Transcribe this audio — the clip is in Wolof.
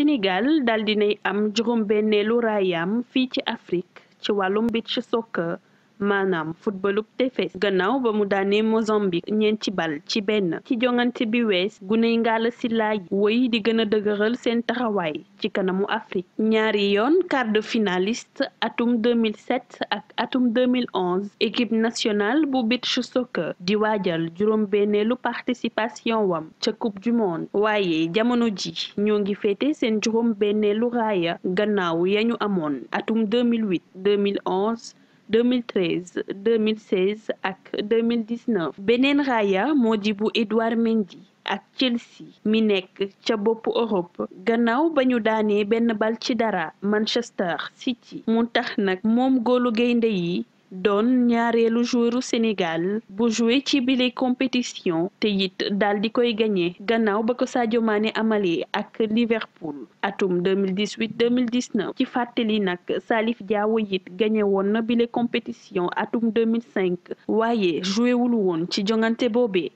sinigaal daal dinay am juróom benneelu raayam fii ci Afrique ci wàllum beach soccer maanaam footballu tefes gannaaw ba mu daanee Mozambique ñeent ci bal ci benn ci jongante bi wees guney ngaala si laay woy di gën a dëgëral seen taxawaay ci kanamu Afrique ñaari yoon quart de finaliste atum 2007 ak atum 2011 équipe nationale bu beach soccer di waajal juróom-benneelu participation wam ca coupe du monde waaye jamono ji ñoo ngi féete seen juróom-benneelu raaya gannaaw yañu amoon atum 2008 2011 2013 2016 ak 2019 beneen raaya moo di bu Edouard Mendy ak Chelsea mi nekk ca boppu Europe gannaaw ba ñu daanee benn bal ci dara Manchester City mu tax nag moom góolu gaynde yi doon ñaareelu joueuru Sénégal bu joué ci bile compétition te yiit daal di koy gagné gannaaw ba ko Sadio Mané amalee ak Liverpool atum 2018 2019 ci fàttali nag Salif Diao it gagné woon na bile compétition atum 2005 waaye joué wul woon ci jongante boobee.